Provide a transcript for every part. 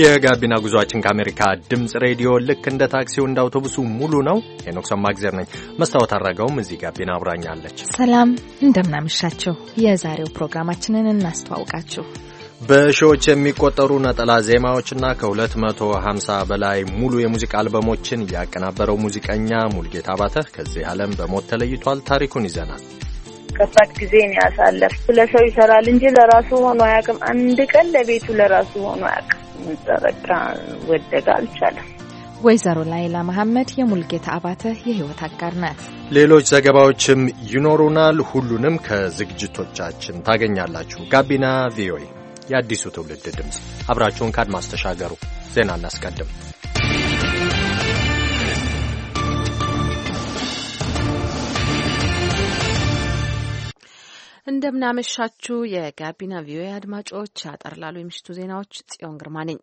የጋቢና ጉዟችን ከአሜሪካ ድምፅ ሬዲዮ ልክ እንደ ታክሲው እንደ አውቶቡሱ ሙሉ ነው። ሄኖክ ሰማግዜር ነኝ። መስታወት አድረገውም እዚህ ጋቢና አብራኛለች። ሰላም እንደምናመሻቸው። የዛሬው ፕሮግራማችንን እናስተዋውቃችሁ። በሺዎች የሚቆጠሩ ነጠላ ዜማዎችና ከ250 በላይ ሙሉ የሙዚቃ አልበሞችን ያቀናበረው ሙዚቀኛ ሙልጌታ አባተ ከዚህ ዓለም በሞት ተለይቷል። ታሪኩን ይዘናል። ከባድ ጊዜ ነው ያሳለፍ። ለሰው ይሰራል እንጂ ለራሱ ሆኖ አያውቅም። አንድ ቀን ለቤቱ ለራሱ ሆኖ አያውቅም። በቃ ወደቀ አልቻለም። ወይዘሮ ላይላ መሐመድ የሙልጌታ አባተ የህይወት አጋር ናት። ሌሎች ዘገባዎችም ይኖሩናል። ሁሉንም ከዝግጅቶቻችን ታገኛላችሁ። ጋቢና ቪኦኤ የአዲሱ ትውልድ ድምፅ፣ አብራችሁን ከአድማስ ተሻገሩ። ዜና እናስቀድም። እንደምናመሻችሁ የጋቢና ቪኦኤ አድማጮች፣ አጠር ላሉ የምሽቱ ዜናዎች ጽዮን ግርማ ነኝ።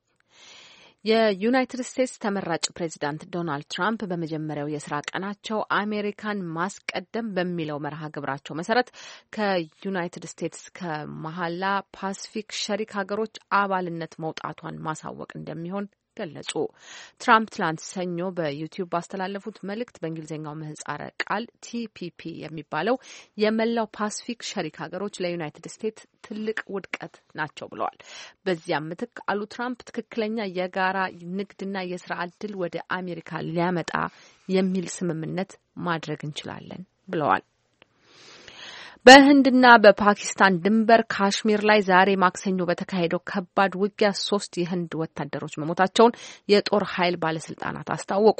የዩናይትድ ስቴትስ ተመራጭ ፕሬዚዳንት ዶናልድ ትራምፕ በመጀመሪያው የስራ ቀናቸው አሜሪካን ማስቀደም በሚለው መርሃ ግብራቸው መሰረት ከዩናይትድ ስቴትስ ከመሀላ ፓስፊክ ሸሪክ ሀገሮች አባልነት መውጣቷን ማሳወቅ እንደሚሆን ገለጹ። ትራምፕ ትላንት ሰኞ በዩቲዩብ ባስተላለፉት መልእክት በእንግሊዝኛው ምህጻረ ቃል ቲፒፒ የሚባለው የመላው ፓስፊክ ሸሪክ ሀገሮች ለዩናይትድ ስቴትስ ትልቅ ውድቀት ናቸው ብለዋል። በዚያም ምትክ አሉ ትራምፕ ትክክለኛ የጋራ ንግድና የስራ እድል ወደ አሜሪካ ሊያመጣ የሚል ስምምነት ማድረግ እንችላለን ብለዋል። በህንድና በፓኪስታን ድንበር ካሽሚር ላይ ዛሬ ማክሰኞ በተካሄደው ከባድ ውጊያ ሶስት የህንድ ወታደሮች መሞታቸውን የጦር ኃይል ባለስልጣናት አስታወቁ።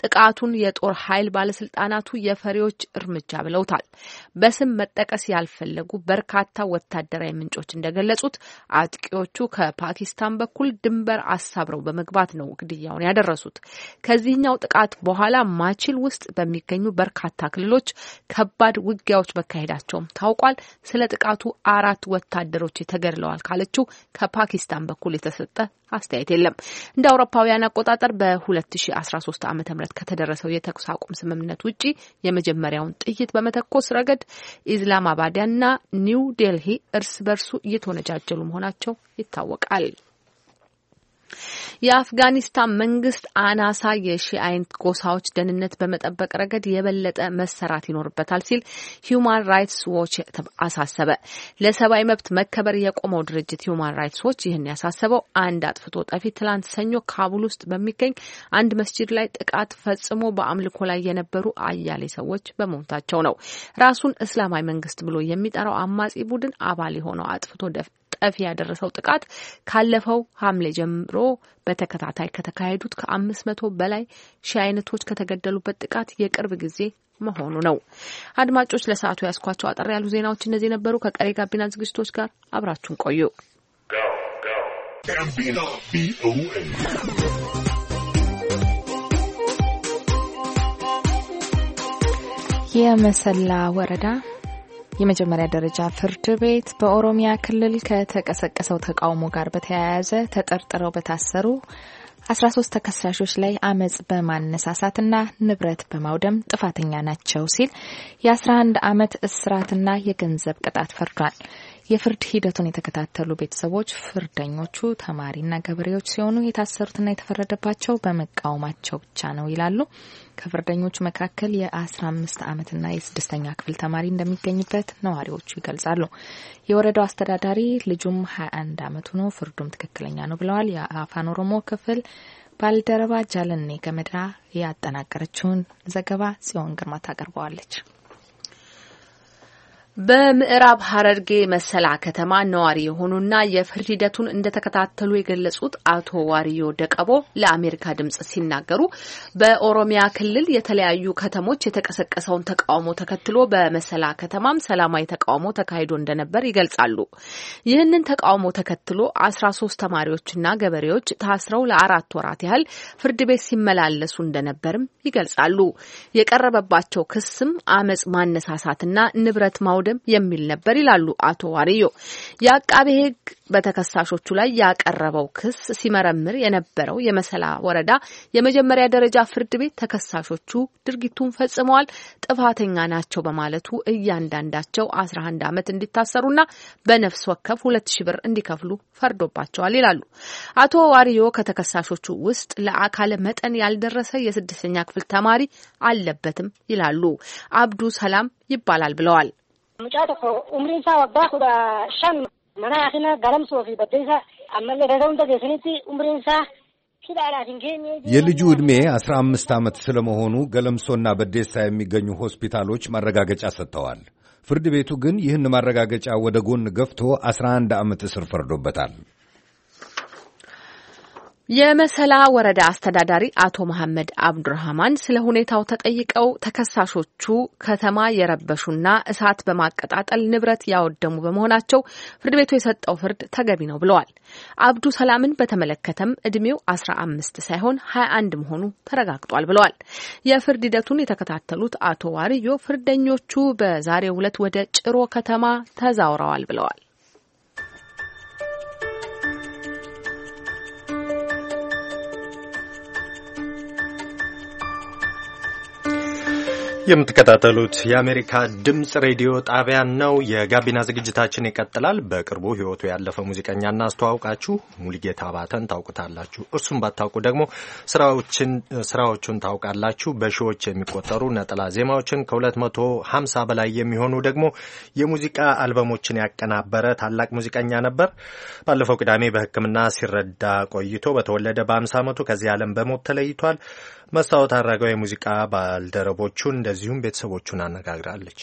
ጥቃቱን የጦር ኃይል ባለስልጣናቱ የፈሪዎች እርምጃ ብለውታል። በስም መጠቀስ ያልፈለጉ በርካታ ወታደራዊ ምንጮች እንደገለጹት አጥቂዎቹ ከፓኪስታን በኩል ድንበር አሳብረው በመግባት ነው ግድያውን ያደረሱት። ከዚህኛው ጥቃት በኋላ ማችል ውስጥ በሚገኙ በርካታ ክልሎች ከባድ ውጊያዎች መካሄዳቸው መገደሏም ታውቋል። ስለ ጥቃቱ አራት ወታደሮች ተገድለዋል ካለችው ከፓኪስታን በኩል የተሰጠ አስተያየት የለም። እንደ አውሮፓውያን አቆጣጠር በ2013 ዓ ም ከተደረሰው የተኩስ አቁም ስምምነት ውጪ የመጀመሪያውን ጥይት በመተኮስ ረገድ ኢስላማባድና ኒው ዴልሂ እርስ በርሱ እየተወነጃጀሉ መሆናቸው ይታወቃል። የአፍጋኒስታን መንግስት አናሳ የሺአይን ጎሳዎች ደህንነት በመጠበቅ ረገድ የበለጠ መሰራት ይኖርበታል ሲል ሂዩማን ራይትስ ዎች አሳሰበ። ለሰብአዊ መብት መከበር የቆመው ድርጅት ሂዩማን ራይትስ ዎች ይህን ያሳሰበው አንድ አጥፍቶ ጠፊ ትላንት ሰኞ ካቡል ውስጥ በሚገኝ አንድ መስጂድ ላይ ጥቃት ፈጽሞ በአምልኮ ላይ የነበሩ አያሌ ሰዎች በመሞታቸው ነው። ራሱን እስላማዊ መንግስት ብሎ የሚጠራው አማጺ ቡድን አባል የሆነው አጥፍቶ ጠፊ ያደረሰው ጥቃት ካለፈው ሐምሌ ጀምሮ በተከታታይ ከተካሄዱት ከአምስት መቶ በላይ ሺህ አይነቶች ከተገደሉበት ጥቃት የቅርብ ጊዜ መሆኑ ነው። አድማጮች ለሰዓቱ ያስኳቸው አጠር ያሉ ዜናዎች እነዚህ ነበሩ። ከቀሪ ጋቢና ዝግጅቶች ጋር አብራችሁን ቆዩ። የመሰላ ወረዳ የመጀመሪያ ደረጃ ፍርድ ቤት በኦሮሚያ ክልል ከተቀሰቀሰው ተቃውሞ ጋር በተያያዘ ተጠርጥረው በታሰሩ 13 ተከሳሾች ላይ አመጽ በማነሳሳትና ንብረት በማውደም ጥፋተኛ ናቸው ሲል የ11 ዓመት እስራትና የገንዘብ ቅጣት ፈርዷል። የፍርድ ሂደቱን የተከታተሉ ቤተሰቦች ፍርደኞቹ ተማሪና ገበሬዎች ሲሆኑ የታሰሩትና የተፈረደባቸው በመቃወማቸው ብቻ ነው ይላሉ። ከፍርደኞች መካከል የ15 ዓመትና የስድስተኛ ክፍል ተማሪ እንደሚገኝበት ነዋሪዎቹ ይገልጻሉ። የወረዳው አስተዳዳሪ ልጁም 21 አመት ነው፣ ፍርዱም ትክክለኛ ነው ብለዋል። የአፋን ኦሮሞ ክፍል ባልደረባ ጃለኔ ገመዳ ያጠናቀረችውን ዘገባ ጽዮን ግርማ ታቀርበዋለች። በምዕራብ ሐረርጌ መሰላ ከተማ ነዋሪ የሆኑና የፍርድ ሂደቱን እንደተከታተሉ የገለጹት አቶ ዋርዮ ደቀቦ ለአሜሪካ ድምጽ ሲናገሩ በኦሮሚያ ክልል የተለያዩ ከተሞች የተቀሰቀሰውን ተቃውሞ ተከትሎ በመሰላ ከተማም ሰላማዊ ተቃውሞ ተካሂዶ እንደነበር ይገልጻሉ። ይህንን ተቃውሞ ተከትሎ አስራ ሶስት ተማሪዎችና ገበሬዎች ታስረው ለአራት ወራት ያህል ፍርድ ቤት ሲመላለሱ እንደነበርም ይገልጻሉ። የቀረበባቸው ክስም አመጽ ማነሳሳትና ንብረት ማውደ ማውደም የሚል ነበር ይላሉ አቶ ዋርዮ። የአቃቤ ሕግ በተከሳሾቹ ላይ ያቀረበው ክስ ሲመረምር የነበረው የመሰላ ወረዳ የመጀመሪያ ደረጃ ፍርድ ቤት ተከሳሾቹ ድርጊቱን ፈጽመዋል፣ ጥፋተኛ ናቸው በማለቱ እያንዳንዳቸው አስራ አንድ ዓመት እንዲታሰሩና በነፍስ ወከፍ ሁለት ሺ ብር እንዲከፍሉ ፈርዶባቸዋል ይላሉ አቶ ዋርዮ። ከተከሳሾቹ ውስጥ ለአካለ መጠን ያልደረሰ የስድስተኛ ክፍል ተማሪ አለበትም ይላሉ። አብዱ ሰላም ይባላል ብለዋል። Mucaa tokko umriin isaa waggaa kudha shan mana haasina galamsoo fi baddeessa ammallee dada hunda geessanitti umriin isaa የልጁ ዕድሜ አስራ አምስት ዓመት ስለመሆኑ ገለምሶና በዴሳ የሚገኙ ሆስፒታሎች ማረጋገጫ ሰጥተዋል። ፍርድ ቤቱ ግን ይህን ማረጋገጫ ወደ ጎን ገፍቶ አስራ አንድ ዓመት እስር ፈርዶበታል። የመሰላ ወረዳ አስተዳዳሪ አቶ መሐመድ አብዱራህማን ስለ ሁኔታው ተጠይቀው ተከሳሾቹ ከተማ የረበሹና እሳት በማቀጣጠል ንብረት ያወደሙ በመሆናቸው ፍርድ ቤቱ የሰጠው ፍርድ ተገቢ ነው ብለዋል። አብዱ ሰላምን በተመለከተም እድሜው አስራ አምስት ሳይሆን ሀያ አንድ መሆኑ ተረጋግጧል ብለዋል። የፍርድ ሂደቱን የተከታተሉት አቶ ዋርዮ ፍርደኞቹ በዛሬው ዕለት ወደ ጭሮ ከተማ ተዛውረዋል ብለዋል። የምትከታተሉት የአሜሪካ ድምፅ ሬዲዮ ጣቢያን ነው። የጋቢና ዝግጅታችን ይቀጥላል። በቅርቡ ሕይወቱ ያለፈ ሙዚቀኛ እናስተዋውቃችሁ። ሙልጌታ አባተን ታውቁታላችሁ። እርሱም ባታውቁ ደግሞ ስራዎቹን ታውቃላችሁ። በሺዎች የሚቆጠሩ ነጠላ ዜማዎችን ከ250 በላይ የሚሆኑ ደግሞ የሙዚቃ አልበሞችን ያቀናበረ ታላቅ ሙዚቀኛ ነበር። ባለፈው ቅዳሜ በሕክምና ሲረዳ ቆይቶ በተወለደ በ50 ዓመቱ ከዚህ ዓለም በሞት ተለይቷል። መስታወት አድራጋው የሙዚቃ ባልደረቦቹን እንደዚሁም ቤተሰቦቹን አነጋግራለች።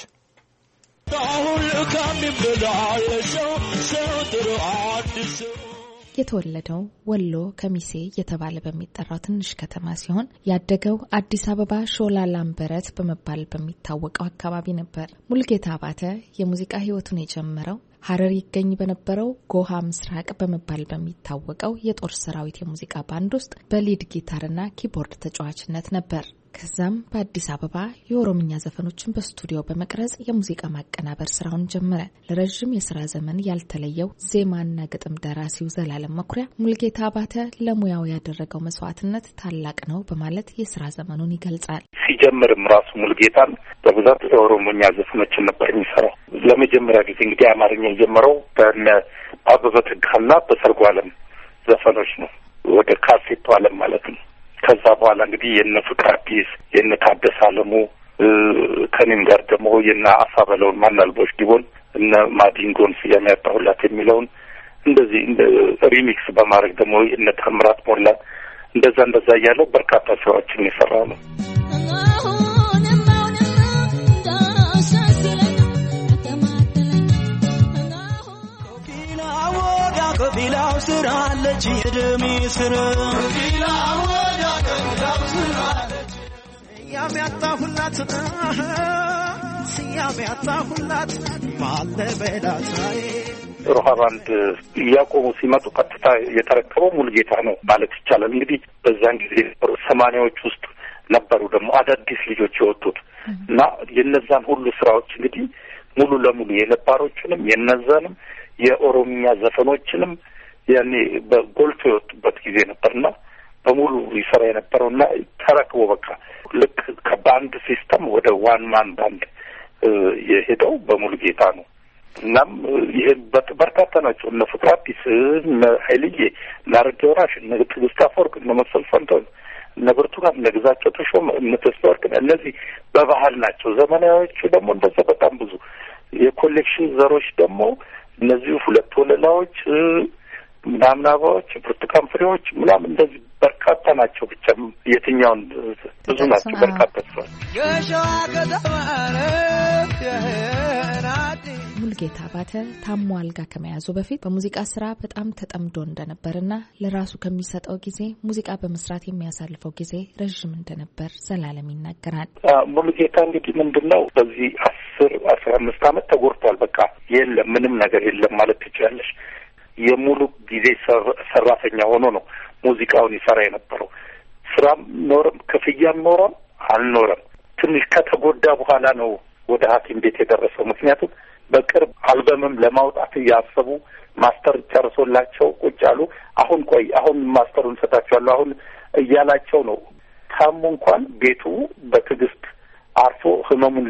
የተወለደው ወሎ ከሚሴ እየተባለ በሚጠራው ትንሽ ከተማ ሲሆን ያደገው አዲስ አበባ ሾላ ላምበረት በመባል በሚታወቀው አካባቢ ነበር። ሙልጌታ አባተ የሙዚቃ ሕይወቱን የጀመረው ሀረር ይገኝ በነበረው ጎሃ ምስራቅ በመባል በሚታወቀው የጦር ሰራዊት የሙዚቃ ባንድ ውስጥ በሊድ ጊታርና ኪቦርድ ተጫዋችነት ነበር። ከዛም በአዲስ አበባ የኦሮምኛ ዘፈኖችን በስቱዲዮ በመቅረጽ የሙዚቃ ማቀናበር ስራውን ጀመረ። ለረዥም የስራ ዘመን ያልተለየው ዜማና ግጥም ደራሲው ዘላለም መኩሪያ ሙልጌታ አባተ ለሙያው ያደረገው መስዋዕትነት ታላቅ ነው በማለት የስራ ዘመኑን ይገልጻል። ሲጀምርም ራሱ ሙልጌታን በብዛት የኦሮሞኛ ዘፈኖችን ነበር የሚሰራው። ለመጀመሪያ ጊዜ እንግዲህ አማርኛ የጀመረው በነ አበበ ተካና በሰርጉ ዘፈኖች ነው። ወደ ካሴቱ አለም ማለት ነው ከዛ በኋላ እንግዲህ የነ ፍቅር አዲስ የነ ታደስ አለሙ ከኔም ጋር ደግሞ የነ አሳ በለውን ማናልቦች ዲቦን እነ ማዲንጎን ስያሜ ያጣሁላት የሚለውን እንደዚህ ሪሚክስ በማድረግ ደግሞ የነ ተምራት ሞላት እንደዛ እንደዛ እያለው በርካታ ስራዎችን የሰራ ነው። ቢላው ስራ አለች የደሜ ስራ ስያሜ ሮሃ ባንድ እያቆሙ ሲመጡ ቀጥታ የተረከበው ሙሉጌታ ነው ማለት ይቻላል። እንግዲህ በዛን ጊዜ ሰማኒያዎች ውስጥ ነበሩ ደግሞ አዳዲስ ልጆች የወጡት እና የነዛን ሁሉ ስራዎች እንግዲህ ሙሉ ለሙሉ የነባሮችንም የነዛንም የኦሮሚያ ዘፈኖችንም ያኔ በጎልቶ የወጡበት ጊዜ ነበርና በሙሉ ይሰራ የነበረው እና ተረክቦ በቃ ልክ ከባንድ ሲስተም ወደ ዋን ማን ባንድ የሄደው በሙሉ ጌታ ነው። እናም ይህን በርካታ ናቸው። እነ ፍቅራፒስ፣ እነ ሀይልዬ፣ እነ አረጌ ወራሽ፣ እነ ትዕግስት አፈወርቅ፣ እነ መሰል ፈንታውን፣ እነ ብርቱካን፣ እነ ግዛቸው ተሾመ፣ እነ ተስፋ ወርቅ እነዚህ በባህል ናቸው። ዘመናዊዎቹ ደግሞ እንደዛ በጣም ብዙ የኮሌክሽን ዘሮች ደግሞ እነዚሁ ሁለት ወለላዎች ምናምናባዎች፣ ብርቱካን ፍሬዎች ምናምን እንደዚህ በርካታ ናቸው። ብቻ የትኛውን ብዙ ናቸው፣ በርካታ ስራዎች። ሙልጌታ አባተ ታሞ አልጋ ከመያዙ በፊት በሙዚቃ ስራ በጣም ተጠምዶ እንደነበርና ለራሱ ከሚሰጠው ጊዜ ሙዚቃ በመስራት የሚያሳልፈው ጊዜ ረዥም እንደነበር ዘላለም ይናገራል። ሙልጌታ እንግዲህ ምንድን ነው በዚህ አስር አስራ አምስት አመት ተጎድቷል። በቃ የለም ምንም ነገር የለም ማለት ትችላለች። የሙሉ ጊዜ ሰራተኛ ሆኖ ነው ሙዚቃውን ይሰራ የነበረው። ስራም ኖረም ክፍያም ኖረም አልኖረም ትንሽ ከተጎዳ በኋላ ነው ወደ ሐኪም ቤት የደረሰው። ምክንያቱም በቅርብ አልበምም ለማውጣት እያሰቡ ማስተር ጨርሶላቸው ቁጭ አሉ። አሁን ቆይ አሁን ማስተሩን ሰጣቸዋለሁ አሁን እያላቸው ነው። ታሙ እንኳን ቤቱ በትዕግስት አርፎ ህመሙን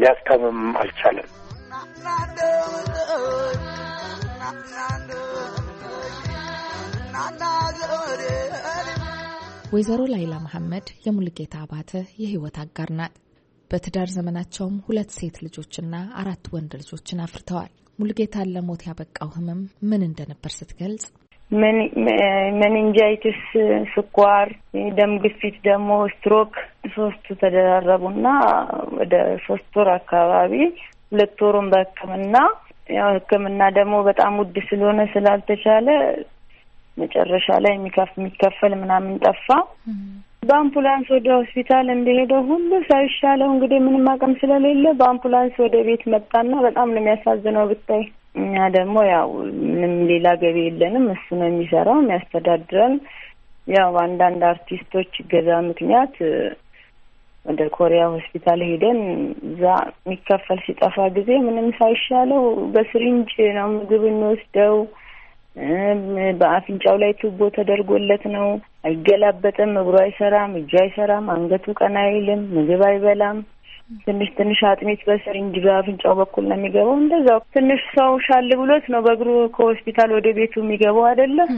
ሊያስታምም አልቻለም። ወይዘሮ ላይላ መሐመድ የሙልጌታ አባተ የህይወት አጋር ናት። በትዳር ዘመናቸውም ሁለት ሴት ልጆችና አራት ወንድ ልጆችን አፍርተዋል። ሙልጌታን ለሞት ያበቃው ህመም ምን እንደነበር ስትገልጽ መንንጃይትስ ስኳር፣ ደም ግፊት፣ ደግሞ ስትሮክ ሶስቱ ተደራረቡና ወደ ሶስት ወር አካባቢ ሁለት ወሩን በህክምና ያው ህክምና ደግሞ በጣም ውድ ስለሆነ ስላልተቻለ መጨረሻ ላይ የሚከፈል ምናምን ጠፋ። በአምቡላንስ ወደ ሆስፒታል እንደሄደ ሁሉ ሳይሻለው እንግዲህ ምንም አቅም ስለሌለ በአምቡላንስ ወደ ቤት መጣና በጣም ነው የሚያሳዝነው ብታይ። እኛ ደግሞ ያው ምንም ሌላ ገቢ የለንም። እሱ ነው የሚሰራው የሚያስተዳድረን። ያው አንዳንድ አርቲስቶች ገዛ ምክንያት ወደ ኮሪያ ሆስፒታል ሄደን እዛ የሚከፈል ሲጠፋ ጊዜ ምንም ሳይሻለው በስሪንጅ ነው ምግብ እንወስደው በአፍንጫው ላይ ቱቦ ተደርጎለት ነው። አይገላበጥም፣ እግሩ አይሰራም፣ እጁ አይሰራም፣ አንገቱ ቀና አይልም፣ ምግብ አይበላም። ትንሽ ትንሽ አጥሚት በስሪንጅ በአፍንጫው በኩል ነው የሚገባው። እንደዛው ትንሽ ሰው ሻል ብሎት ነው በእግሩ ከሆስፒታል ወደ ቤቱ የሚገባው አይደለም።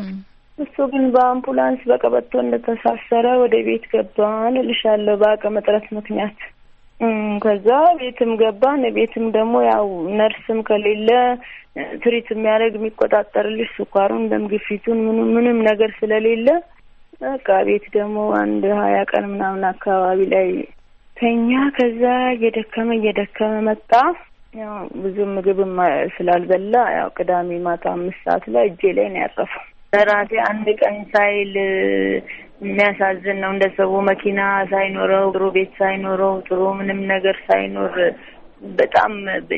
እሱ ግን በአምቡላንስ በቀበቶ እንደተሳሰረ ወደ ቤት ገባ እልሻለሁ በአቅም እጥረት ምክንያት ከዛ ቤትም ገባን። ቤትም ደግሞ ያው ነርስም ከሌለ ትሪት የሚያደርግ የሚቆጣጠርልሽ ስኳሩን፣ ደም ግፊቱን ምንም ምንም ነገር ስለሌለ በቃ ቤት ደግሞ አንድ ሀያ ቀን ምናምን አካባቢ ላይ ተኛ። ከዛ እየደከመ እየደከመ መጣ። ያው ብዙም ምግብም ስላልበላ ያው ቅዳሜ ማታ አምስት ሰዓት ላይ እጄ ላይ ነው ያረፈው። በራሴ አንድ ቀን ሳይል የሚያሳዝን ነው። እንደ ሰው መኪና ሳይኖረው ጥሩ ቤት ሳይኖረው ጥሩ ምንም ነገር ሳይኖር በጣም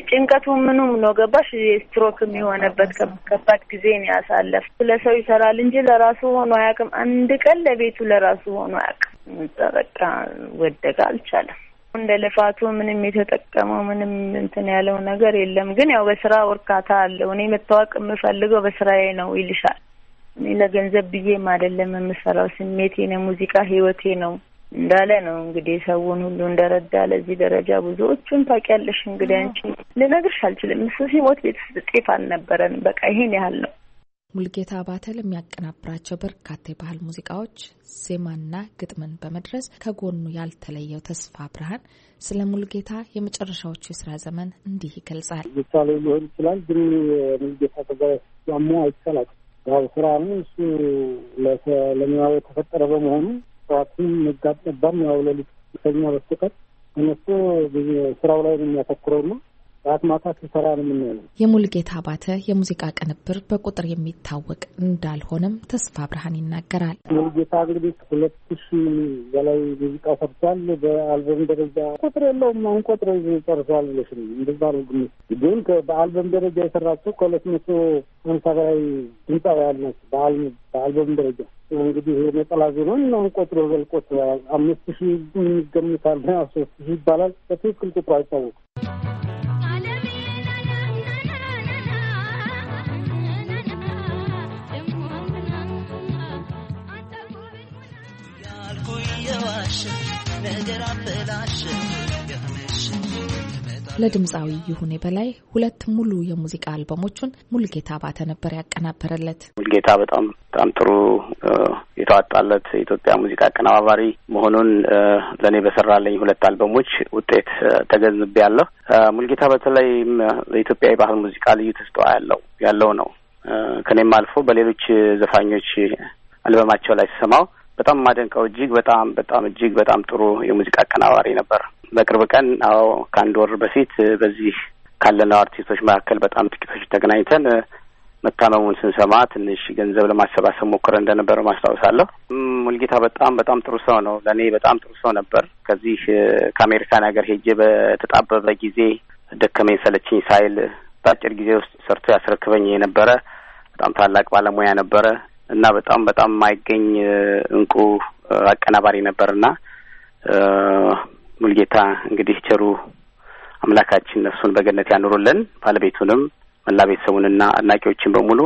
ጭንቀቱ ምኑም ነው ገባሽ? ስትሮክም የሆነበት ከባድ ጊዜ ነው ያሳለፍ። ለሰው ይሰራል እንጂ ለራሱ ሆኖ አያውቅም። አንድ ቀን ለቤቱ ለራሱ ሆኖ አያውቅም። በቃ ወደቀ፣ አልቻለም። እንደ ልፋቱ ምንም የተጠቀመው ምንም እንትን ያለው ነገር የለም። ግን ያው በስራ እርካታ አለው። እኔ መታወቅ የምፈልገው በስራዬ ነው ይልሻል። ለገንዘብ ብዬም አይደለም የምሰራው። ስሜቴ ነው፣ ሙዚቃ ህይወቴ ነው እንዳለ ነው እንግዲህ ሰውን ሁሉ እንደረዳ ለዚህ ደረጃ ብዙዎቹን ታውቂያለሽ። እንግዲህ አንቺ ልነግርሽ አልችልም። እሱ ሲሞት ቤት ጤፍ አልነበረን። በቃ ይሄን ያህል ነው። ሙልጌታ አባተ ለሚያቀናብራቸው በርካታ የባህል ሙዚቃዎች ዜማና ግጥምን በመድረስ ከጎኑ ያልተለየው ተስፋ ብርሃን ስለ ሙልጌታ የመጨረሻዎቹ የስራ ዘመን እንዲህ ይገልጻል። ምሳሌ ሊሆን ይችላል ግን ሙልጌታ ከዛ ያሞ አይቻላል ያው ስራም እሱ ለሙያው የተፈጠረ በመሆኑ ጠዋትም መጋጠባም ያው ለሊት ሰኛ በስተቀር እነሱ ስራው ላይ ነው የሚያተኩረው ነው ሰዓት ማታ ስሰራ ነው የምንውለው። የሙልጌታ አባተ የሙዚቃ ቅንብር በቁጥር የሚታወቅ እንዳልሆነም ተስፋ ብርሃን ይናገራል። ሙልጌታ እንግዲህ ሁለት ሺህ በላይ ሙዚቃ ሰርቷል። በአልበም ደረጃ ቁጥር የለውም። አሁን ቁጥር ጨርሷል ብለሽ እንደዛ ነው ግምት። ግን በአልበም ደረጃ የሰራቸው ከሁለት መቶ ሀምሳ በላይ ድምፃውያን ናቸው በአልበም ደረጃ እንግዲህ ነጠላ ዜናን አሁን ቆጥሮ በልቆት አምስት ሺህ የሚገምታል ሶስት ሺህ ይባላል። በትክክል ቁጥሩ አይታወቅም። ለድምፃዊ ይሁኔ በላይ ሁለት ሙሉ የሙዚቃ አልበሞቹን ሙልጌታ አባተ ነበር ያቀናበረለት። ሙልጌታ በጣም በጣም ጥሩ የተዋጣለት የኢትዮጵያ ሙዚቃ አቀናባባሪ መሆኑን ለእኔ በሰራለኝ ሁለት አልበሞች ውጤት ተገንዝቤያለሁ። ሙልጌታ በተለይም ለኢትዮጵያ የባህል ሙዚቃ ልዩ ተስጦታ ያለው ያለው ነው። ከኔም አልፎ በሌሎች ዘፋኞች አልበማቸው ላይ ስሰማው በጣም የማደንቀው እጅግ በጣም በጣም እጅግ በጣም ጥሩ የሙዚቃ አቀናባሪ ነበር። በቅርብ ቀን አዎ ከአንድ ወር በፊት በዚህ ካለነው አርቲስቶች መካከል በጣም ጥቂቶች ተገናኝተን መታመሙን ስንሰማ ትንሽ ገንዘብ ለማሰባሰብ ሞክረ እንደነበረ ማስታወሳለሁ። ሙልጌታ በጣም በጣም ጥሩ ሰው ነው። ለእኔ በጣም ጥሩ ሰው ነበር። ከዚህ ከአሜሪካን ሀገር ሄጄ በተጣበበ ጊዜ ደከመኝ ሰለችኝ ሳይል በአጭር ጊዜ ውስጥ ሰርቶ ያስረክበኝ የነበረ በጣም ታላቅ ባለሙያ ነበረ። እና በጣም በጣም የማይገኝ እንቁ አቀናባሪ ነበር እና ሙልጌታ እንግዲህ ቸሩ አምላካችን ነፍሱን በገነት ያኑሩልን፣ ባለቤቱንም መላ ቤተሰቡንና አድናቂዎችን በሙሉ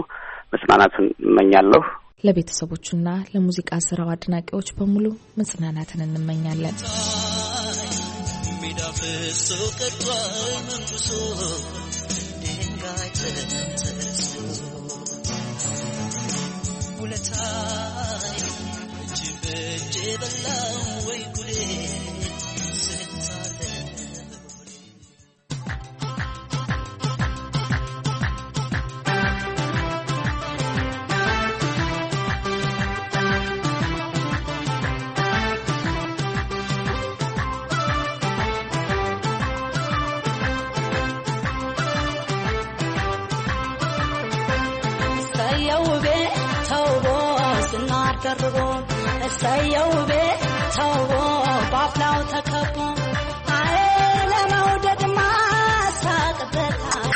መጽናናቱን እመኛለሁ። ለቤተሰቦቹና ለሙዚቃ ስራው አድናቂዎች በሙሉ መጽናናትን እንመኛለን። ሜዳ ውለታ እጅ በእጅ የበላው ቀርቦ እሰየው ቤት ተዎ ባፍላው ተከቦ አይ ለመውደድ ሳቅበታል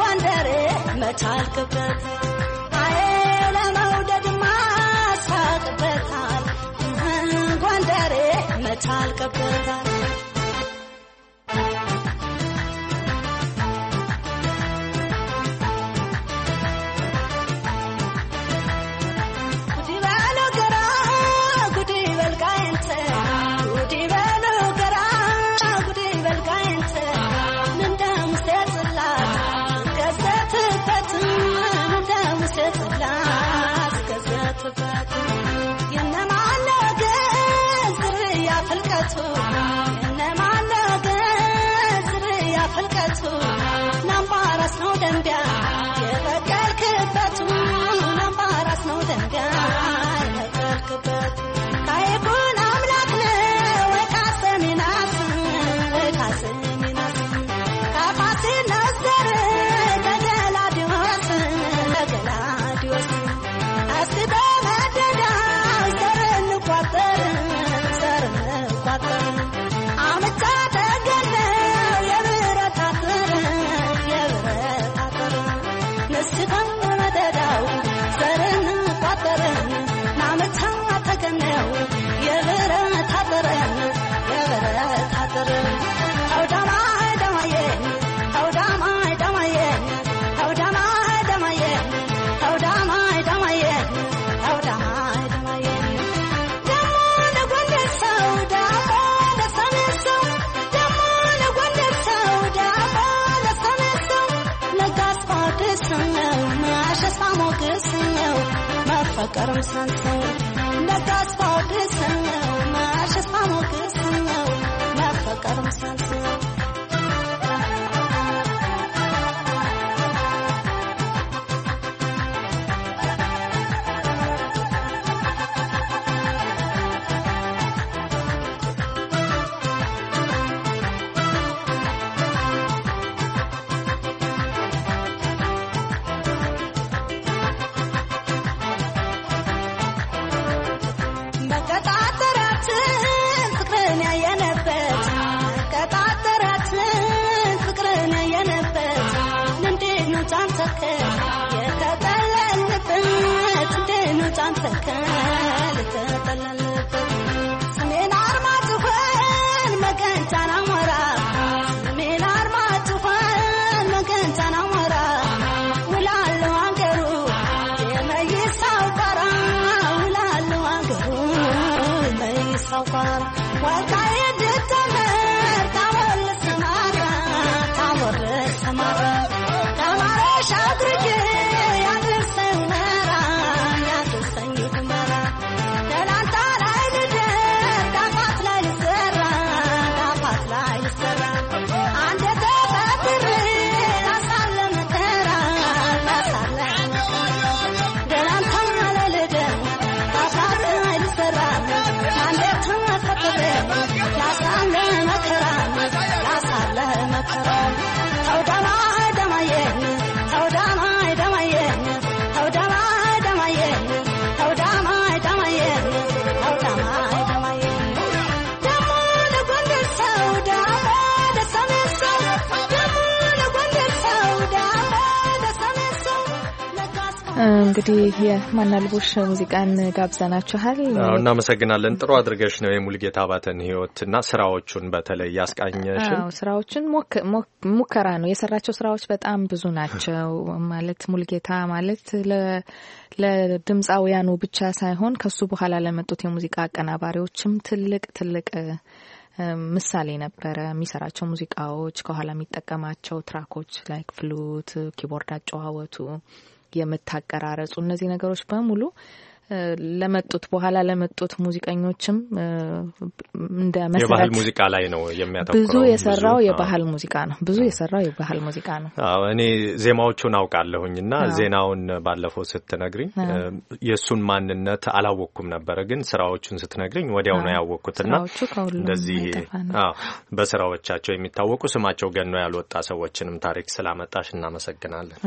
ጎንደሬ መቻልክበት አይ ለመውደድ ማሳቅበታል ጎንደሬ መቻልክበታል Namma aras no Thank you. እንግዲህ የማናልቦሽ ሙዚቃን ጋብዘናችኋል። እናመሰግናለን። ጥሩ አድርገሽ ነው የሙልጌታ አባተን እና ስራዎቹን በተለይ ያስቃኘሽ ስራዎችን ሙከራ ነው የሰራቸው ስራዎች በጣም ብዙ ናቸው። ማለት ሙልጌታ ማለት ለድምፃውያኑ ብቻ ሳይሆን ከሱ በኋላ ለመጡት የሙዚቃ አቀናባሪዎችም ትልቅ ትልቅ ምሳሌ ነበረ። የሚሰራቸው ሙዚቃዎች ከኋላ የሚጠቀማቸው ትራኮች ላይክ ፍሉት፣ ኪቦርድ አጨዋወቱ የምታቀራረጹ እነዚህ ነገሮች በሙሉ ለመጡት በኋላ ለመጡት ሙዚቀኞችም እንደ መሰረት ሙዚቃ ላይ ነው የሚያተኩረው። ብዙ የሰራው የባህል ሙዚቃ ነው። ብዙ የሰራው የባህል ሙዚቃ ነው። አዎ እኔ ዜማዎቹን አውቃለሁኝ እና ዜናውን ባለፈው ስትነግሪኝ የእሱን ማንነት አላወቅኩም ነበረ፣ ግን ስራዎቹን ስትነግሪኝ ወዲያው ነው ያወቅኩትና እንደዚህ በስራዎቻቸው የሚታወቁ ስማቸው ገኖ ያልወጣ ሰዎችንም ታሪክ ስላመጣሽ እናመሰግናለን።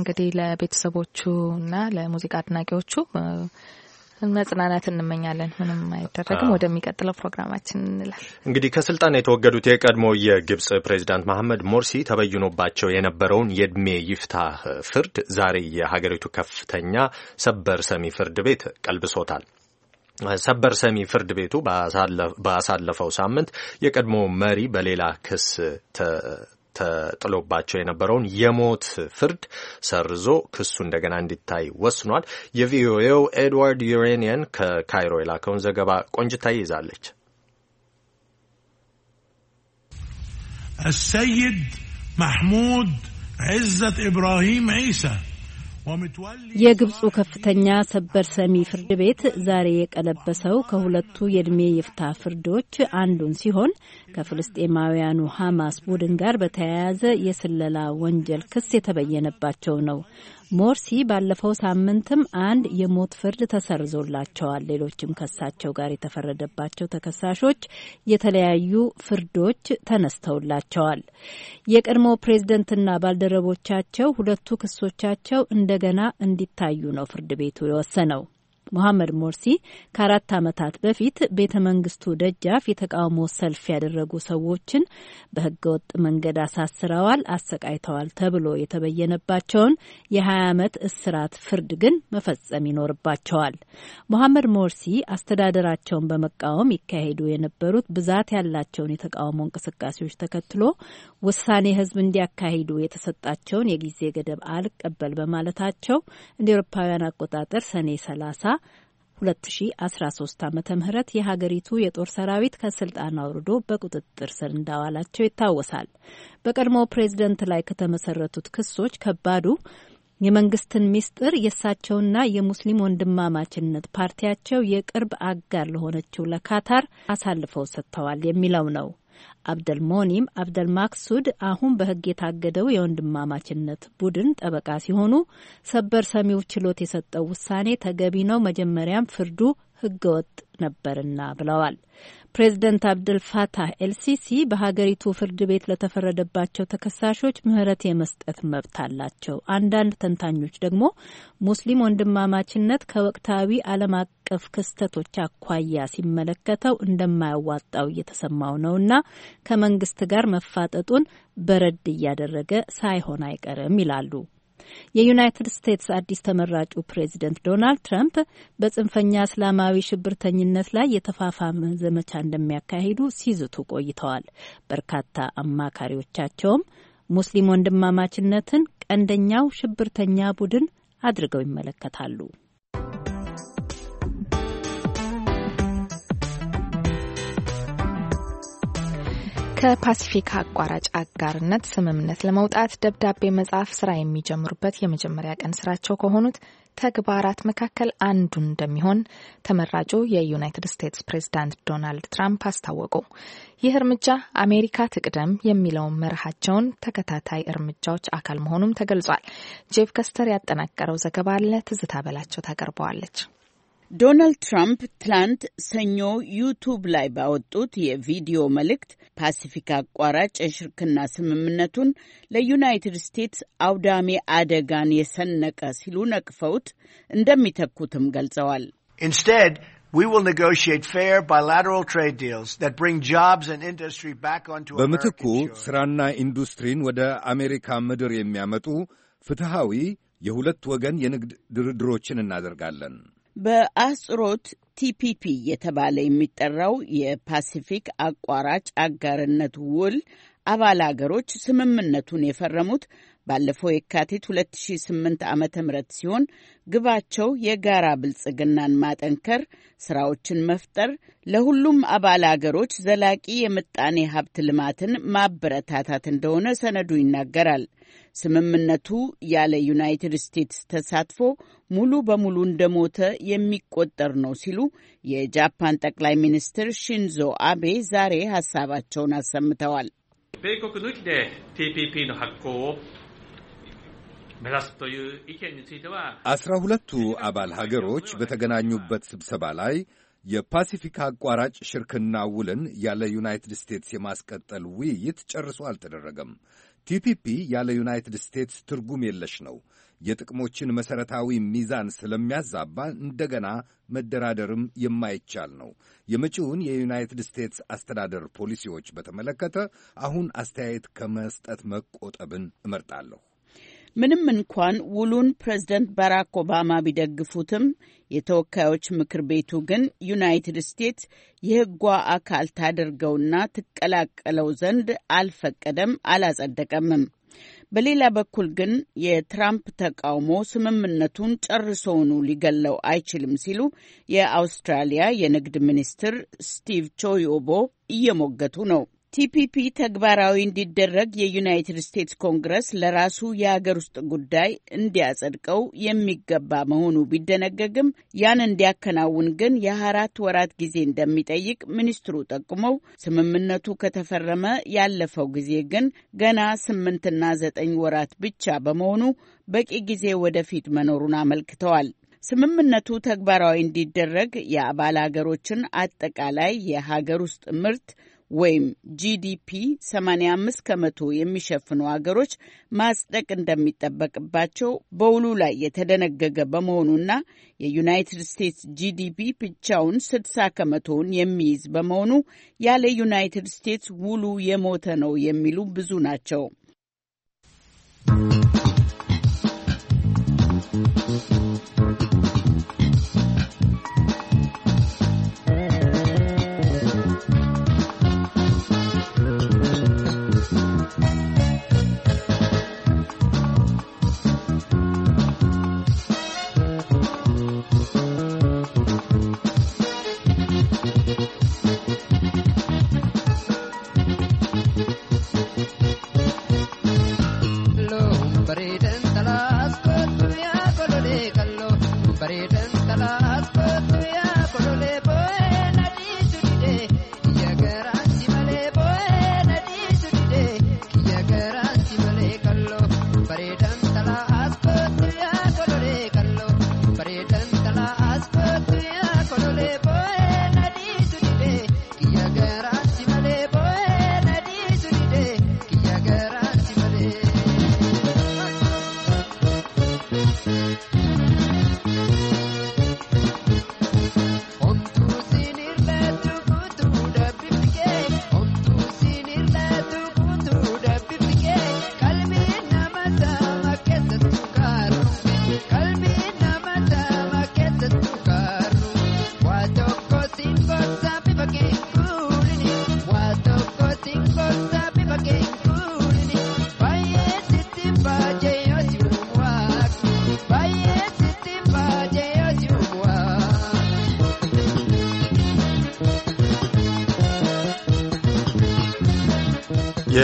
እንግዲህ ለቤተሰቦቹ እና ለሙዚቃ አድናቂዎቹ መጽናናት እንመኛለን። ምንም አይደረግም። ወደሚቀጥለው ፕሮግራማችን እንላል። እንግዲህ ከስልጣን የተወገዱት የቀድሞ የግብጽ ፕሬዚዳንት መሐመድ ሞርሲ ተበይኖባቸው የነበረውን የእድሜ ይፍታህ ፍርድ ዛሬ የሀገሪቱ ከፍተኛ ሰበር ሰሚ ፍርድ ቤት ቀልብሶታል። ሰበር ሰሚ ፍርድ ቤቱ ባሳለፈው ሳምንት የቀድሞ መሪ በሌላ ክስ ተጥሎባቸው የነበረውን የሞት ፍርድ ሰርዞ ክሱ እንደገና እንዲታይ ወስኗል። የቪኦኤው ኤድዋርድ ዩሬኒየን ከካይሮ የላከውን ዘገባ ቆንጅታ ይዛለች። السيد محمود عزت إبراهيم عيسى የግብፁ ከፍተኛ ሰበር ሰሚ ፍርድ ቤት ዛሬ የቀለበሰው ከሁለቱ የዕድሜ ይፍታ ፍርዶች አንዱን ሲሆን ከፍልስጤማውያኑ ሐማስ ቡድን ጋር በተያያዘ የስለላ ወንጀል ክስ የተበየነባቸው ነው። ሞርሲ ባለፈው ሳምንትም አንድ የሞት ፍርድ ተሰርዞላቸዋል። ሌሎችም ከሳቸው ጋር የተፈረደባቸው ተከሳሾች የተለያዩ ፍርዶች ተነስተውላቸዋል። የቀድሞ ፕሬዝደንትና ባልደረቦቻቸው ሁለቱ ክሶቻቸው እንደገና እንዲታዩ ነው ፍርድ ቤቱ የወሰነው። ሞሐመድ ሞርሲ ከአራት ዓመታት በፊት ቤተ መንግስቱ ደጃፍ የተቃውሞ ሰልፍ ያደረጉ ሰዎችን በህገወጥ መንገድ አሳስረዋል፣ አሰቃይተዋል ተብሎ የተበየነባቸውን የ20 ዓመት እስራት ፍርድ ግን መፈጸም ይኖርባቸዋል። ሞሐመድ ሞርሲ አስተዳደራቸውን በመቃወም ይካሄዱ የነበሩት ብዛት ያላቸውን የተቃውሞ እንቅስቃሴዎች ተከትሎ ውሳኔ ህዝብ እንዲያካሂዱ የተሰጣቸውን የጊዜ ገደብ አልቀበል በማለታቸው እንደ ኤሮፓውያን አቆጣጠር ሰኔ 30 2013 ዓ ም የሀገሪቱ የጦር ሰራዊት ከስልጣን አውርዶ በቁጥጥር ስር እንዳዋላቸው ይታወሳል። በቀድሞ ፕሬዝደንት ላይ ከተመሰረቱት ክሶች ከባዱ የመንግስትን ሚስጥር የእሳቸውና የሙስሊም ወንድማማችነት ፓርቲያቸው የቅርብ አጋር ለሆነችው ለካታር አሳልፈው ሰጥተዋል የሚለው ነው። አብደል ሞኒም አብደል ማክሱድ አሁን በህግ የታገደው የወንድማማችነት ቡድን ጠበቃ ሲሆኑ ሰበር ሰሚው ችሎት የሰጠው ውሳኔ ተገቢ ነው፣ መጀመሪያም ፍርዱ ህገወጥ። ነበርና ብለዋል። ፕሬዝደንት አብደል ፋታህ ኤልሲሲ በሀገሪቱ ፍርድ ቤት ለተፈረደባቸው ተከሳሾች ምህረት የመስጠት መብት አላቸው። አንዳንድ ተንታኞች ደግሞ ሙስሊም ወንድማማችነት ከወቅታዊ ዓለም አቀፍ ክስተቶች አኳያ ሲመለከተው እንደማያዋጣው እየተሰማው ነውና ከመንግስት ጋር መፋጠጡን በረድ እያደረገ ሳይሆን አይቀርም ይላሉ። የዩናይትድ ስቴትስ አዲስ ተመራጩ ፕሬዚደንት ዶናልድ ትራምፕ በጽንፈኛ እስላማዊ ሽብርተኝነት ላይ የተፋፋመ ዘመቻ እንደሚያካሂዱ ሲዝቱ ቆይተዋል። በርካታ አማካሪዎቻቸውም ሙስሊም ወንድማማችነትን ቀንደኛው ሽብርተኛ ቡድን አድርገው ይመለከታሉ። ከፓሲፊክ አቋራጭ አጋርነት ስምምነት ለመውጣት ደብዳቤ መጻፍ ስራ የሚጀምሩበት የመጀመሪያ ቀን ስራቸው ከሆኑት ተግባራት መካከል አንዱ እንደሚሆን ተመራጩ የዩናይትድ ስቴትስ ፕሬዝዳንት ዶናልድ ትራምፕ አስታወቁ። ይህ እርምጃ አሜሪካ ትቅደም የሚለውን መርሃቸውን ተከታታይ እርምጃዎች አካል መሆኑም ተገልጿል። ጄፍ ከስተር ያጠናቀረው ዘገባ አለ። ትዝታ በላቸው ታቀርበዋለች። ዶናልድ ትራምፕ ትላንት ሰኞ ዩቱብ ላይ ባወጡት የቪዲዮ መልእክት ፓሲፊክ አቋራጭ የሽርክና ስምምነቱን ለዩናይትድ ስቴትስ አውዳሜ አደጋን የሰነቀ ሲሉ ነቅፈውት እንደሚተኩትም ገልጸዋል። በምትኩ ስራና ኢንዱስትሪን ወደ አሜሪካ ምድር የሚያመጡ ፍትሐዊ የሁለት ወገን የንግድ ድርድሮችን እናደርጋለን። በአህጽሮት ቲፒፒ የተባለ የሚጠራው የፓሲፊክ አቋራጭ አጋርነት ውል አባል አገሮች ስምምነቱን የፈረሙት ባለፈው የካቲት 2008 ዓ ም ሲሆን ግባቸው የጋራ ብልጽግናን ማጠንከር፣ ስራዎችን መፍጠር፣ ለሁሉም አባል አገሮች ዘላቂ የምጣኔ ሀብት ልማትን ማበረታታት እንደሆነ ሰነዱ ይናገራል። ስምምነቱ ያለ ዩናይትድ ስቴትስ ተሳትፎ ሙሉ በሙሉ እንደሞተ የሚቆጠር ነው ሲሉ የጃፓን ጠቅላይ ሚኒስትር ሺንዞ አቤ ዛሬ ሀሳባቸውን አሰምተዋል። አስራ ሁለቱ አባል ሀገሮች በተገናኙበት ስብሰባ ላይ የፓሲፊክ አቋራጭ ሽርክና ውልን ያለ ዩናይትድ ስቴትስ የማስቀጠል ውይይት ጨርሶ አልተደረገም። ቲፒፒ ያለ ዩናይትድ ስቴትስ ትርጉም የለሽ ነው። የጥቅሞችን መሠረታዊ ሚዛን ስለሚያዛባ እንደገና መደራደርም የማይቻል ነው። የመጪውን የዩናይትድ ስቴትስ አስተዳደር ፖሊሲዎች በተመለከተ አሁን አስተያየት ከመስጠት መቆጠብን እመርጣለሁ። ምንም እንኳን ውሉን ፕሬዝደንት ባራክ ኦባማ ቢደግፉትም የተወካዮች ምክር ቤቱ ግን ዩናይትድ ስቴትስ የሕጓ አካል ታደርገውና ትቀላቀለው ዘንድ አልፈቀደም፣ አላጸደቀምም። በሌላ በኩል ግን የትራምፕ ተቃውሞ ስምምነቱን ጨርሶውኑ ሊገለው አይችልም ሲሉ የአውስትራሊያ የንግድ ሚኒስትር ስቲቭ ቾዮቦ እየሞገቱ ነው። ቲፒፒ ተግባራዊ እንዲደረግ የዩናይትድ ስቴትስ ኮንግረስ ለራሱ የሀገር ውስጥ ጉዳይ እንዲያጸድቀው የሚገባ መሆኑ ቢደነገግም ያን እንዲያከናውን ግን የአራት ወራት ጊዜ እንደሚጠይቅ ሚኒስትሩ ጠቁመው ስምምነቱ ከተፈረመ ያለፈው ጊዜ ግን ገና ስምንትና ዘጠኝ ወራት ብቻ በመሆኑ በቂ ጊዜ ወደፊት መኖሩን አመልክተዋል። ስምምነቱ ተግባራዊ እንዲደረግ የአባል ሀገሮችን አጠቃላይ የሀገር ውስጥ ምርት ወይም ጂዲፒ 85 ከመቶ የሚሸፍኑ አገሮች ማጽደቅ እንደሚጠበቅባቸው በውሉ ላይ የተደነገገ በመሆኑና የዩናይትድ ስቴትስ ጂዲፒ ብቻውን 60 ከመቶውን የሚይዝ በመሆኑ ያለ ዩናይትድ ስቴትስ ውሉ የሞተ ነው የሚሉ ብዙ ናቸው።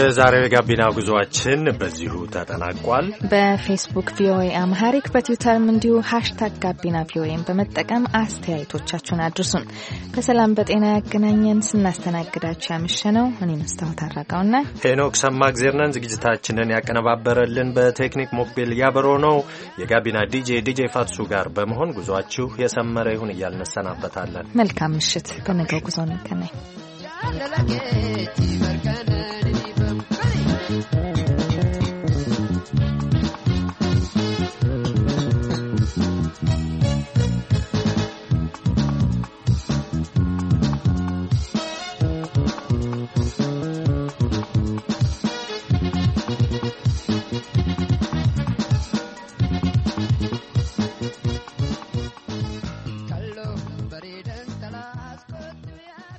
የዛሬው የጋቢና ጉዞአችን በዚሁ ተጠናቋል። በፌስቡክ ቪኦኤ አምሃሪክ በትዊተርም እንዲሁ ሀሽታግ ጋቢና ቪኦኤን በመጠቀም አስተያየቶቻችሁን አድርሱን። በሰላም በጤና ያገናኘን። ስናስተናግዳችሁ ያመሸነው እኔ መስታወት አራጋውና ሄኖክ ሰማ ግዜርነን። ዝግጅታችንን ያቀነባበረልን በቴክኒክ ሞቢል ያበሮ ነው። የጋቢና ዲጄ ዲጄ ፋትሱ ጋር በመሆን ጉዞአችሁ የሰመረ ይሁን እያልን እንሰናበታለን። መልካም ምሽት። በነገው ጉዞ እንገናኝ።